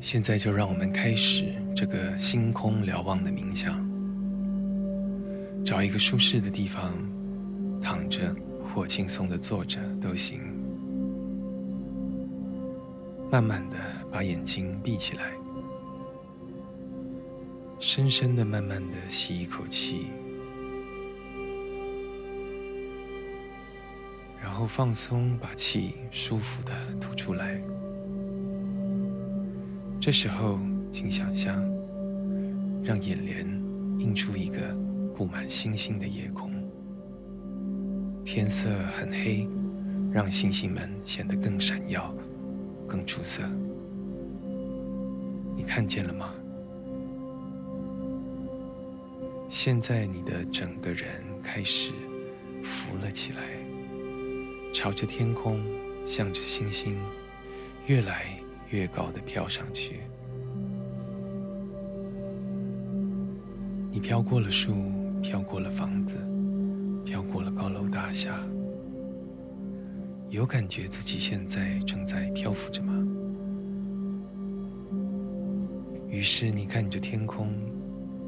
現在就讓我們開始這個星空瞭望的冥想。找一個舒適的地方，躺着或輕鬆的坐着都行。慢慢的把眼睛閉起來，深深的、慢慢的吸一口氣，然後放鬆，把氣舒服的吐出來。這時候，請想象，讓眼簾映出一個布滿星星的夜空。天色很黑，讓星星們顯得更閃耀、更出色。你看見了嗎？現在你的整個人開始浮了起來，朝着天空，向着星星，越來。越高地飄上去，你飄過了樹，飄過了房子，飄過了高樓大廈。有感覺自己現在正在漂浮着嗎？於是你看着天空，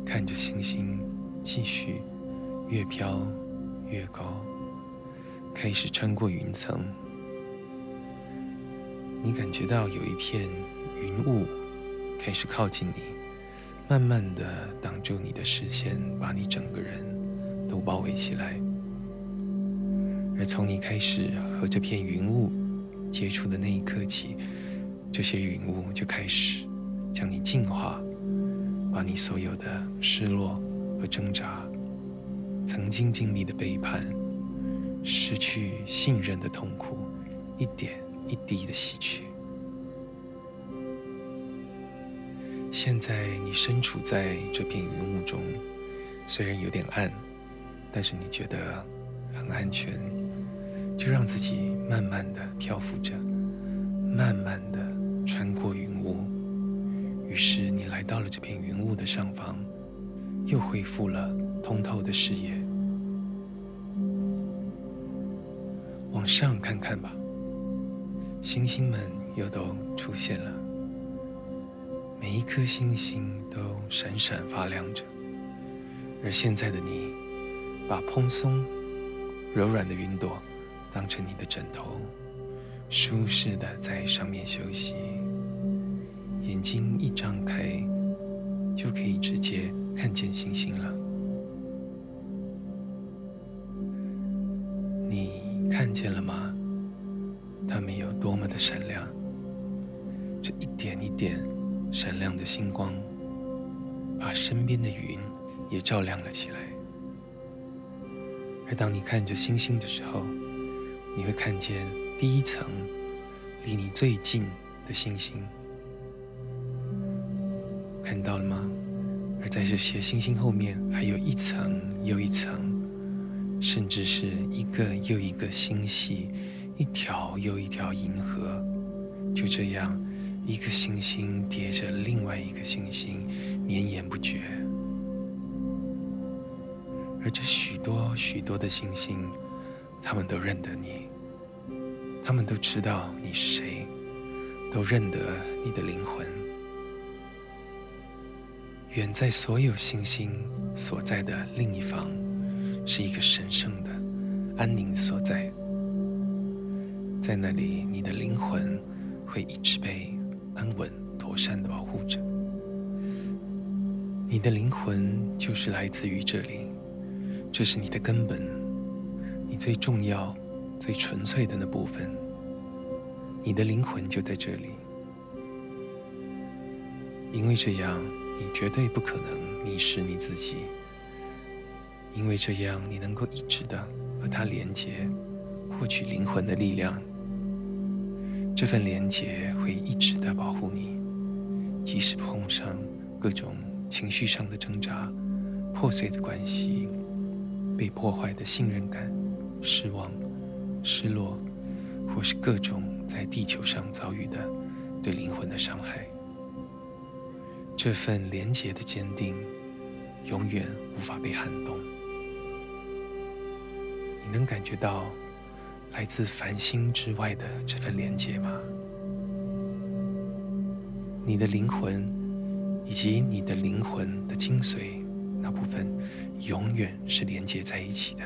看着星星，繼續越飄越高，開始穿過雲層。你感覺到有一片雲霧開始靠近你，慢慢地擋住你的視線，把你整個人都包圍起來。而從你開始和這片雲霧接觸的那一刻起，這些雲霧就開始將你淨化，把你所有的失落和掙扎、曾經經歷的背叛、失去信任的痛苦一點一滴的吸取。現在你身處在這片雲霧中，雖然有點暗，但是你覺得很安全，就讓自己慢慢的漂浮着，慢慢的穿過雲霧。於是你來到了這片雲霧的上方，又恢復了通透的視野。往上看看吧。星星們又都出現了，每一顆星星都閃閃發亮着。而現在的你，把蓬鬆柔軟的雲朵當成你的枕頭，舒適的在上面休息。眼睛一張開，就可以直接看見星星了。你看見了嗎？它們有多麼的閃亮！這一點一點閃亮的星光，把身邊的雲也照亮了起來。而當你看着星星的時候，你會看見第一層離你最近的星星，看到了嗎？而在這些星星後面，還有一層又一層，甚至是一個又一個星系。一條又一條銀河，就這樣，一顆星星疊着另外一個星星，綿延不絕。而這許多許多的星星，他們都認得你，他們都知道你是誰，都認得你的靈魂。遠在所有星星所在的另一方，是一個神聖的、安寧的所在。在那裡，你的靈魂會一直被安穩妥善的保護着。你的靈魂就是來自於這裡，這是你的根本，你最重要、最純粹的那部分。你的靈魂就在這裡，因為這樣你絕對不可能迷失你自己，因為這樣你能夠一直的和它連接，獲取靈魂的力量。這份連結會一直地保護你，即使碰上各種情緒上的掙扎、破碎的關係、被破壞的信任感、失望、失落，或是各種在地球上遭遇的對靈魂的傷害，這份連結的堅定永遠無法被撼動。你能感覺到？來自繁星之外的這份連接吧。你的靈魂，以及你的靈魂的精髓，那部分，永遠是連接在一起的，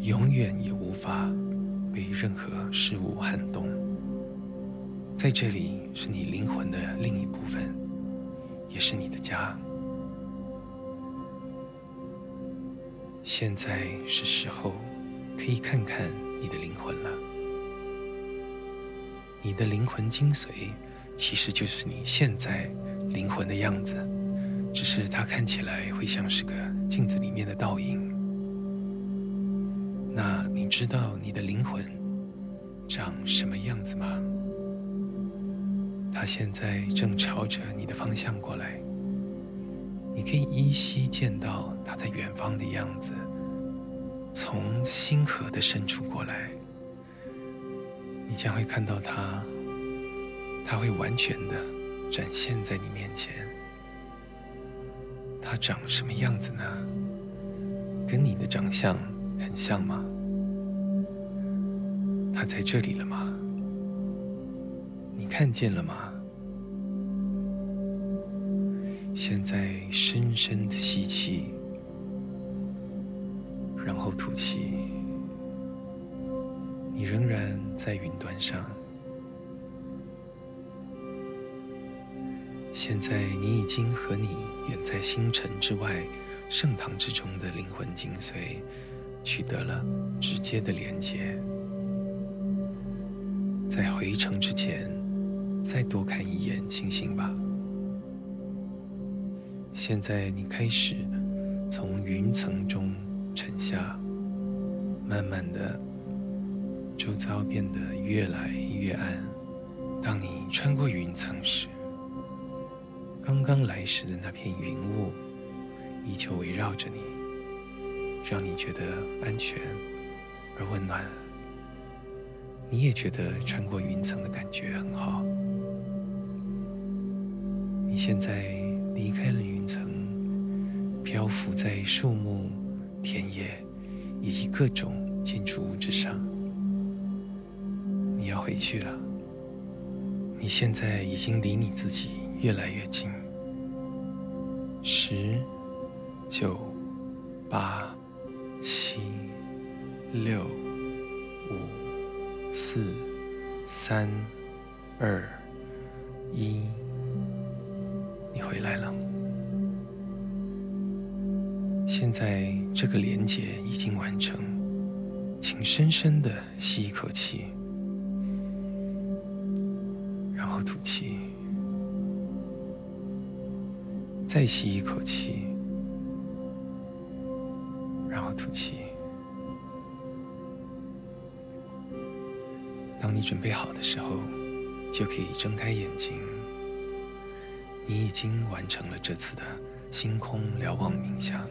永遠也無法被任何事物撼動。在這裡，是你靈魂的另一部分，也是你的家。現在是時候可以看看你的靈魂了，你的靈魂精髓，其實就是你現在靈魂的樣子，只是它看起來會像是個鏡子裡面的倒影。那你知道你的靈魂長什麼樣子嗎？它現在正朝着你的方向過來，你可以依稀見到它在遠方的樣子。從星河的深處過來，你將會看到他，他會完全的展現在你面前。他長什麼樣子呢？跟你的長相很像嗎？他在這裡了嗎？你看見了嗎？現在深深的吸氣。在雲端上，現在你已經和你遠在星辰之外、天堂之中的靈魂精髓取得了直接的連接。在回程之前，再多看一眼星星吧。現在你開始從雲層中沉下，慢慢地。周遭變得越來越暗。當你穿過雲層時，剛剛來時的那片雲霧依舊圍繞着你，讓你覺得安全而溫暖。你也覺得穿過雲層的感覺很好。你現在離開了雲層，漂浮在樹木、田野以及各種建築物之上。你要回去了。你現在已經離你自己越來越近。十、九、八、七、六、五、四、三、二、一，你回來了。現在這個連結已經完成，請深深的吸一口氣。吐氣，再吸一口氣，然後吐氣。當你準備好的時候，就可以睜開眼睛。你已經完成了這次的星空瞭望冥想。